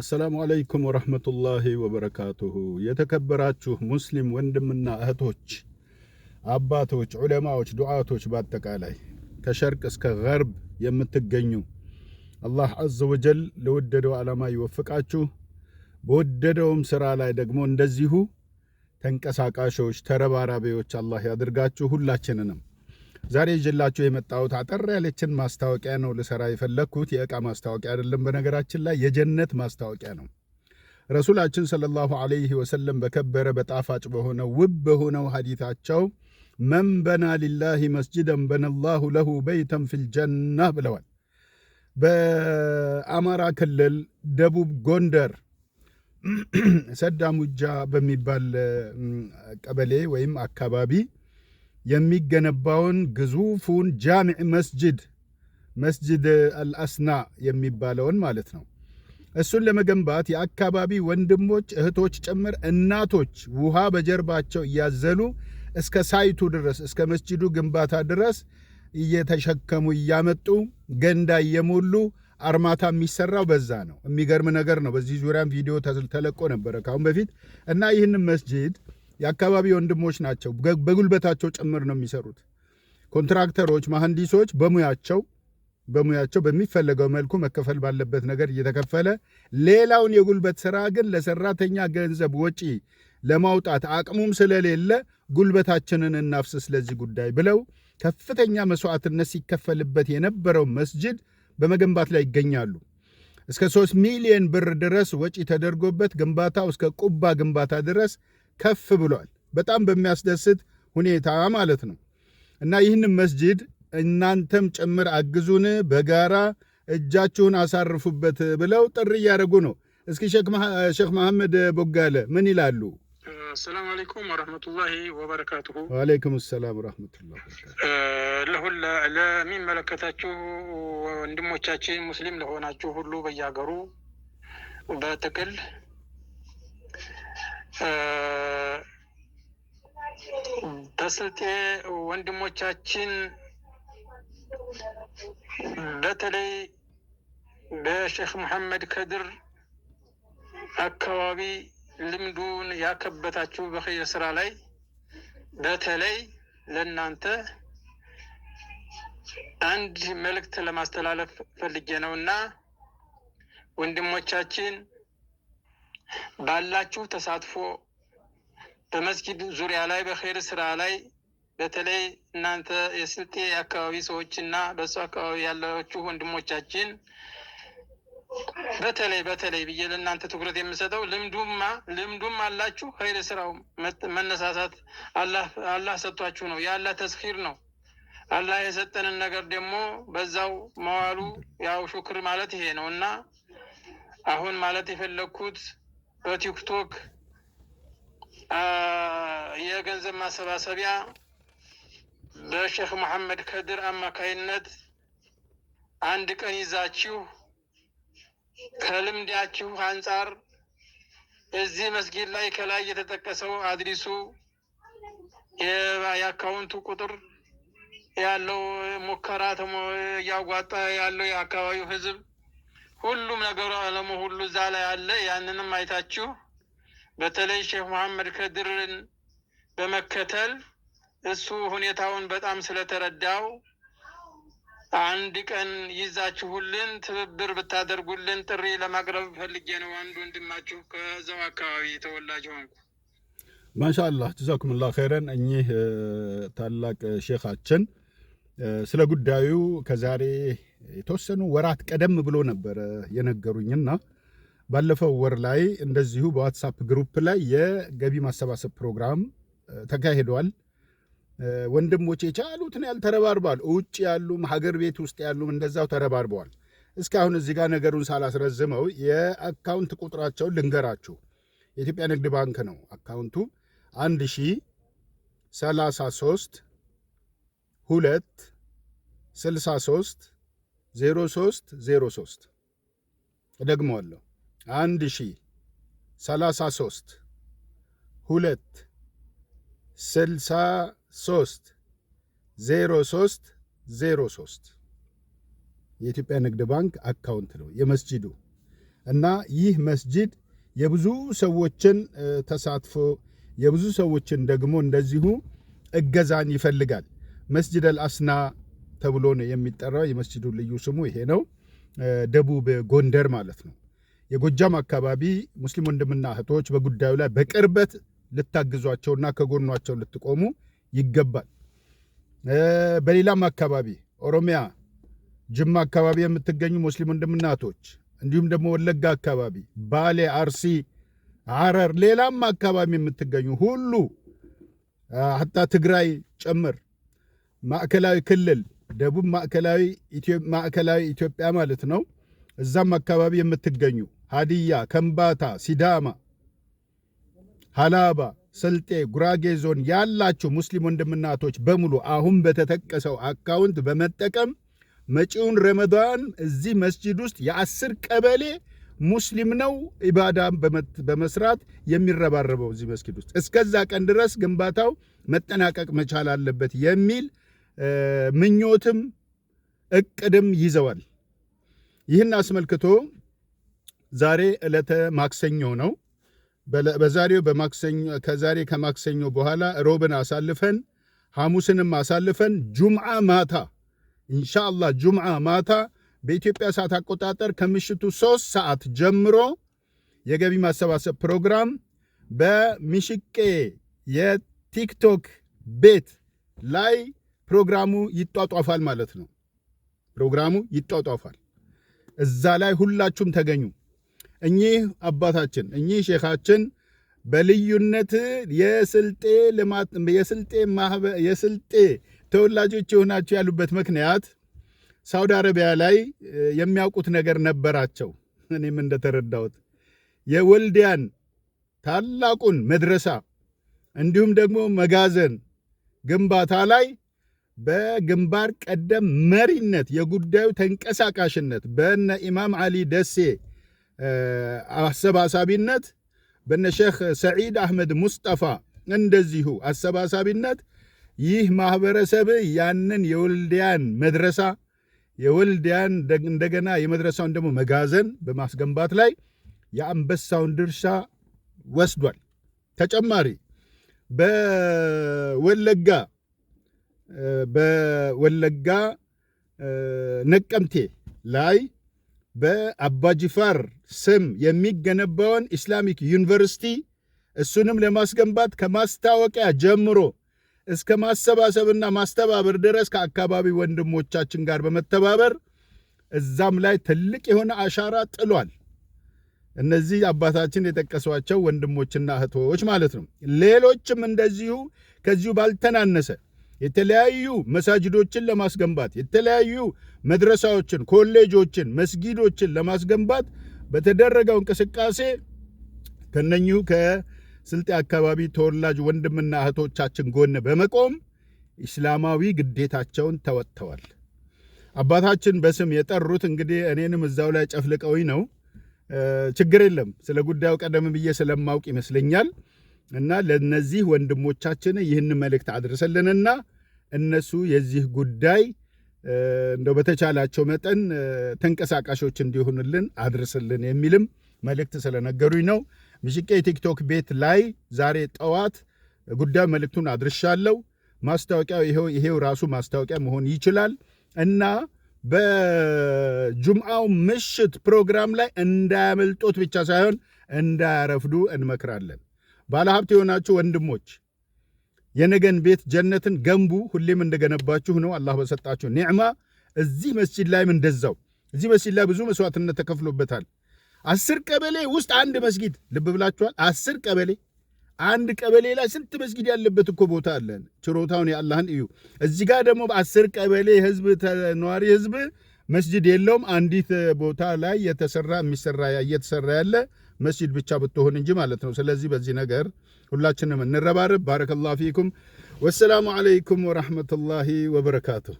አሰላሙ አለይኩም ወረህመቱላሂ ወበረካቱሁ። የተከበራችሁ ሙስሊም ወንድምና እህቶች፣ አባቶች፣ ዑለማዎች፣ ዱዓቶች በአጠቃላይ ከሸርቅ እስከ ገርብ የምትገኙ አላህ አዘ ወጀል ለወደደው ዓላማ ይወፍቃችሁ። በወደደውም ሥራ ላይ ደግሞ እንደዚሁ ተንቀሳቃሾች ተረባራቢዎች አላህ ያድርጋችሁ ሁላችንንም ዛሬ ይዤላችሁ የመጣሁት አጠር ያለችን ማስታወቂያ ነው ልሰራ የፈለግኩት። የእቃ ማስታወቂያ አይደለም፣ በነገራችን ላይ የጀነት ማስታወቂያ ነው። ረሱላችን ሰለላሁ አለይህ ወሰለም በከበረ በጣፋጭ በሆነው ውብ በሆነው ሀዲታቸው መን በና ሊላሂ መስጅደን በነላሁ ለሁ በይተን ፊልጀና ብለዋል። በአማራ ክልል ደቡብ ጎንደር ሰዳሙጃ በሚባል ቀበሌ ወይም አካባቢ የሚገነባውን ግዙፉን ጃሚዕ መስጅድ መስጅድ አልአስና የሚባለውን ማለት ነው። እሱን ለመገንባት የአካባቢ ወንድሞች እህቶች ጭምር እናቶች ውሃ በጀርባቸው እያዘሉ እስከ ሳይቱ ድረስ እስከ መስጅዱ ግንባታ ድረስ እየተሸከሙ እያመጡ ገንዳ እየሞሉ አርማታ የሚሰራው በዛ ነው። የሚገርም ነገር ነው። በዚህ ዙሪያም ቪዲዮ ተለቆ ነበረ ካሁን በፊት እና ይህንን መስጅድ የአካባቢ ወንድሞች ናቸው። በጉልበታቸው ጭምር ነው የሚሰሩት። ኮንትራክተሮች፣ መሐንዲሶች በሙያቸው በሙያቸው በሚፈለገው መልኩ መከፈል ባለበት ነገር እየተከፈለ ሌላውን የጉልበት ስራ ግን ለሰራተኛ ገንዘብ ወጪ ለማውጣት አቅሙም ስለሌለ ጉልበታችንን እናፍስ ስለዚህ ጉዳይ ብለው ከፍተኛ መስዋዕትነት ሲከፈልበት የነበረው መስጅድ በመገንባት ላይ ይገኛሉ። እስከ ሶስት ሚሊዮን ብር ድረስ ወጪ ተደርጎበት ግንባታው እስከ ቁባ ግንባታ ድረስ ከፍ ብሏል። በጣም በሚያስደስት ሁኔታ ማለት ነው። እና ይህን መስጂድ እናንተም ጭምር አግዙን፣ በጋራ እጃችሁን አሳርፉበት ብለው ጥሪ እያደረጉ ነው። እስኪ ሼክ መሐመድ ቦጋለ ምን ይላሉ? አሰላሙ አለይኩም ወረህመቱላሂ ወበረካቱሁ። ወአለይኩም ሰላም ወረህመቱላ። ለሁላ ለሚመለከታችሁ ወንድሞቻችን ሙስሊም ለሆናችሁ ሁሉ በያገሩ በጥቅል በስልጤ ወንድሞቻችን በተለይ በሼክ መሐመድ ከድር አካባቢ ልምዱን ያከበታችሁ በኸይር ስራ ላይ በተለይ ለእናንተ አንድ መልእክት ለማስተላለፍ ፈልጌ ነው እና ወንድሞቻችን ባላችሁ ተሳትፎ በመስጊድ ዙሪያ ላይ በኸይር ስራ ላይ በተለይ እናንተ የስልጤ አካባቢ ሰዎች እና በእሱ አካባቢ ያላችሁ ወንድሞቻችን በተለይ በተለይ ብዬ ለእናንተ ትኩረት የምሰጠው ልምዱማ ልምዱም አላችሁ ኸይር ስራው መነሳሳት አላህ ሰጥቷችሁ ነው። የአላህ ተስኪር ነው። አላህ የሰጠንን ነገር ደግሞ በዛው መዋሉ ያው ሹክር ማለት ይሄ ነው እና አሁን ማለት የፈለግኩት በቲክቶክ የገንዘብ ማሰባሰቢያ በሼክ መሐመድ ከድር አማካይነት አንድ ቀን ይዛችሁ ከልምዳችሁ አንጻር እዚህ መስጊድ ላይ ከላይ የተጠቀሰው አድሪሱ የአካውንቱ ቁጥር ያለው ሙከራ እያዋጣ ያለው የአካባቢው ህዝብ ሁሉም ነገሩ አለሙ ሁሉ እዛ ላይ አለ። ያንንም አይታችሁ በተለይ ሼህ መሐመድ ከድርን በመከተል እሱ ሁኔታውን በጣም ስለተረዳው አንድ ቀን ይዛችሁልን ትብብር ብታደርጉልን ጥሪ ለማቅረብ ፈልጌ ነው። አንድ ወንድማችሁ ከዛው አካባቢ ተወላጅ ሆንኩ። ማሻአላህ ጀዛኩሙላህ ኸይረን። እኚህ ታላቅ ሼኻችን ስለ ጉዳዩ ከዛሬ የተወሰኑ ወራት ቀደም ብሎ ነበረ የነገሩኝና ባለፈው ወር ላይ እንደዚሁ በዋትሳፕ ግሩፕ ላይ የገቢ ማሰባሰብ ፕሮግራም ተካሂደዋል። ወንድሞች የቻሉትን ያህል ተረባርበዋል። ውጭ ያሉም ሀገር ቤት ውስጥ ያሉም እንደዛው ተረባርበዋል። እስካሁን እዚህ ጋር ነገሩን ሳላስረዝመው የአካውንት ቁጥራቸውን ልንገራችሁ። የኢትዮጵያ ንግድ ባንክ ነው አካውንቱ 33 2 63 0303 03 እደግመዋለሁ 1033 ሁለት ስልሳ ሶስት ዜሮ ሶስት ዜሮ የኢትዮጵያ ንግድ ባንክ አካውንት ነው የመስጂዱ እና ይህ መስጂድ የብዙ ሰዎችን ተሳትፎ የብዙ ሰዎችን ደግሞ እንደዚሁ እገዛን ይፈልጋል። መስጂድ አልአስና ተብሎ ነው የሚጠራው። የመስጅዱ ልዩ ስሙ ይሄ ነው። ደቡብ ጎንደር ማለት ነው። የጎጃም አካባቢ ሙስሊም ወንድምና እህቶች በጉዳዩ ላይ በቅርበት ልታግዟቸውና ከጎኗቸው ልትቆሙ ይገባል። በሌላም አካባቢ ኦሮሚያ ጅማ አካባቢ የምትገኙ ሙስሊም ወንድምና እህቶች እንዲሁም ደግሞ ወለጋ አካባቢ፣ ባሌ፣ አርሲ፣ ሐረር ሌላም አካባቢ የምትገኙ ሁሉ ሀታ ትግራይ ጭምር ማዕከላዊ ክልል ደቡብ ማዕከላዊ ኢትዮጵያ ማለት ነው። እዛም አካባቢ የምትገኙ ሀዲያ፣ ከምባታ፣ ሲዳማ፣ ሀላባ፣ ስልጤ፣ ጉራጌ ዞን ያላችሁ ሙስሊም ወንድምናቶች በሙሉ አሁን በተጠቀሰው አካውንት በመጠቀም መጪውን ረመዳን እዚህ መስጂድ ውስጥ የአስር ቀበሌ ሙስሊም ነው ኢባዳ በመስራት የሚረባረበው እዚህ መስጊድ ውስጥ እስከዛ ቀን ድረስ ግንባታው መጠናቀቅ መቻል አለበት የሚል ምኞትም እቅድም ይዘዋል። ይህን አስመልክቶ ዛሬ ዕለተ ማክሰኞ ነው። በዛሬው በማክሰኞ ከዛሬ ከማክሰኞ በኋላ ሮብን አሳልፈን ሐሙስንም አሳልፈን ጁምዓ ማታ ኢንሻአላ ጁምዓ ማታ በኢትዮጵያ ሰዓት አቆጣጠር ከምሽቱ ሶስት ሰዓት ጀምሮ የገቢ ማሰባሰብ ፕሮግራም በሚሽቄ የቲክቶክ ቤት ላይ ፕሮግራሙ ይጧጧፋል ማለት ነው። ፕሮግራሙ ይጧጧፋል። እዛ ላይ ሁላችሁም ተገኙ። እኚህ አባታችን እኚህ ሼኻችን በልዩነት የስልጤ ልማት የስልጤ የስልጤ ተወላጆች የሆናቸው ያሉበት ምክንያት ሳውዲ አረቢያ ላይ የሚያውቁት ነገር ነበራቸው። እኔም እንደተረዳሁት የወልዲያን ታላቁን መድረሳ እንዲሁም ደግሞ መጋዘን ግንባታ ላይ በግንባር ቀደም መሪነት የጉዳዩ ተንቀሳቃሽነት በነ ኢማም አሊ ደሴ አሰባሳቢነት በነ ሼክ ሰዒድ አህመድ ሙስጠፋ እንደዚሁ አሰባሳቢነት ይህ ማህበረሰብ ያንን የወልዲያን መድረሳ የወልዲያን እንደገና የመድረሳውን ደግሞ መጋዘን በማስገንባት ላይ የአንበሳውን ድርሻ ወስዷል። ተጨማሪ በወለጋ በወለጋ ነቀምቴ ላይ በአባጅፋር ስም የሚገነባውን ኢስላሚክ ዩኒቨርሲቲ እሱንም ለማስገንባት ከማስታወቂያ ጀምሮ እስከ ማሰባሰብና ማስተባበር ድረስ ከአካባቢ ወንድሞቻችን ጋር በመተባበር እዛም ላይ ትልቅ የሆነ አሻራ ጥሏል። እነዚህ አባታችን የጠቀሷቸው ወንድሞችና እህቶች ማለት ነው። ሌሎችም እንደዚሁ ከዚሁ ባልተናነሰ የተለያዩ መሳጅዶችን ለማስገንባት የተለያዩ መድረሳዎችን፣ ኮሌጆችን፣ መስጊዶችን ለማስገንባት በተደረገው እንቅስቃሴ ከነኙ ከስልጤ አካባቢ ተወላጅ ወንድምና እህቶቻችን ጎን በመቆም ኢስላማዊ ግዴታቸውን ተወጥተዋል። አባታችን በስም የጠሩት እንግዲህ እኔንም እዛው ላይ ጨፍልቀዊ ነው። ችግር የለም ስለ ጉዳዩ ቀደም ብዬ ስለማውቅ ይመስለኛል እና ለነዚህ ወንድሞቻችን ይህን መልእክት አድርሰልንና እነሱ የዚህ ጉዳይ እንደው በተቻላቸው መጠን ተንቀሳቃሾች እንዲሆኑልን አድርስልን የሚልም መልእክት ስለነገሩኝ ነው። ምሽቄ የቲክቶክ ቤት ላይ ዛሬ ጠዋት ጉዳዩ መልእክቱን አድርሻለሁ። ማስታወቂያው ይሄው ይሄው ራሱ ማስታወቂያ መሆን ይችላል እና በጁምአው ምሽት ፕሮግራም ላይ እንዳያመልጦት ብቻ ሳይሆን እንዳያረፍዱ እንመክራለን። ባለሀብት የሆናችሁ ወንድሞች የነገን ቤት ጀነትን ገንቡ። ሁሌም እንደገነባችሁ ነው አላህ በሰጣችሁ ኒዕማ። እዚህ መስጂድ ላይም እንደዛው። እዚህ መስጂድ ላይ ብዙ መስዋዕትነት ተከፍሎበታል። አስር ቀበሌ ውስጥ አንድ መስጊድ፣ ልብ ብላችኋል። አስር ቀበሌ አንድ ቀበሌ ላይ ስንት መስጊድ ያለበት እኮ ቦታ አለን። ችሮታውን የአላህን እዩ። እዚህ ጋር ደግሞ በአስር ቀበሌ ህዝብ ነዋሪ ህዝብ መስጅድ የለውም። አንዲት ቦታ ላይ የተሰራ የሚሰራ እየተሰራ ያለ መስጅድ ብቻ ብትሆን እንጂ ማለት ነው። ስለዚህ በዚህ ነገር ሁላችንም እንረባርብ። ባረከላሁ ፊኩም። ወሰላሙ አለይኩም ወረሕመቱላሂ ወበረካቱሁ።